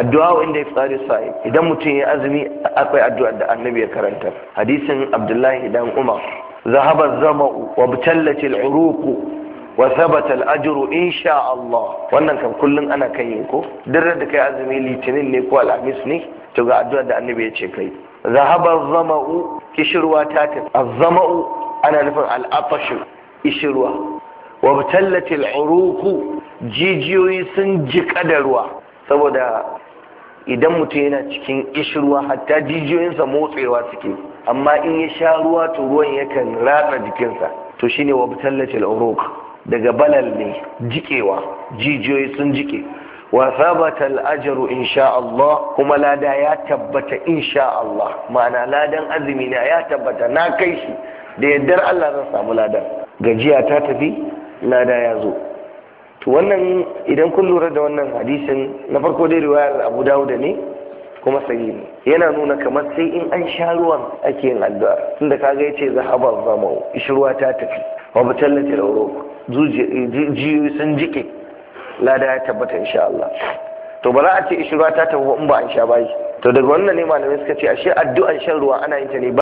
addu'a inda iftari sa'i idan mutum ya azumi akwai addu'a da annabi ya karanta hadisin abdullahi dan umar zahaba zama'u wa butallatil uruqu wa thabata al insha Allah wannan kan kullun ana kan yi ko duk da kai azumi litinin ne ko alhamis ne to ga addu'a da annabi ya ce kai zahaba zama'u kishirwa ta tafi az ana nufin al-atash kishirwa wa butallatil jijiyoyi sun jika da ruwa saboda idan mutum yana cikin ishirwa hatta jijiyoyinsa motsewa suke amma in ya sha ruwa to ruwan yakan ratsa jikinsa to shine wa butallatil uruq daga balal ne jikewa jijiyoyi sun jike wa thabata al insha Allah kuma lada ya tabbata insha Allah ma'ana ladan azumi na ya tabbata na kai shi da yaddar Allah zan samu ladan gajiya ta tafi lada ya zo to wannan idan kun lura da wannan hadisin na farko dai riwayar abu dawuda ne kuma sahihi ne yana nuna kamar sai in an sha ruwan ake yin addu'a tunda kaga yace haba zama ishruwa ta tafi wa batallati rawro ji sun jike lada ya tabbata insha Allah to ba za a ce ishruwa ta tafi in ba an sha ba to daga wannan ne malamai suka ce ashe addu'an shan ruwa ana yin ta ne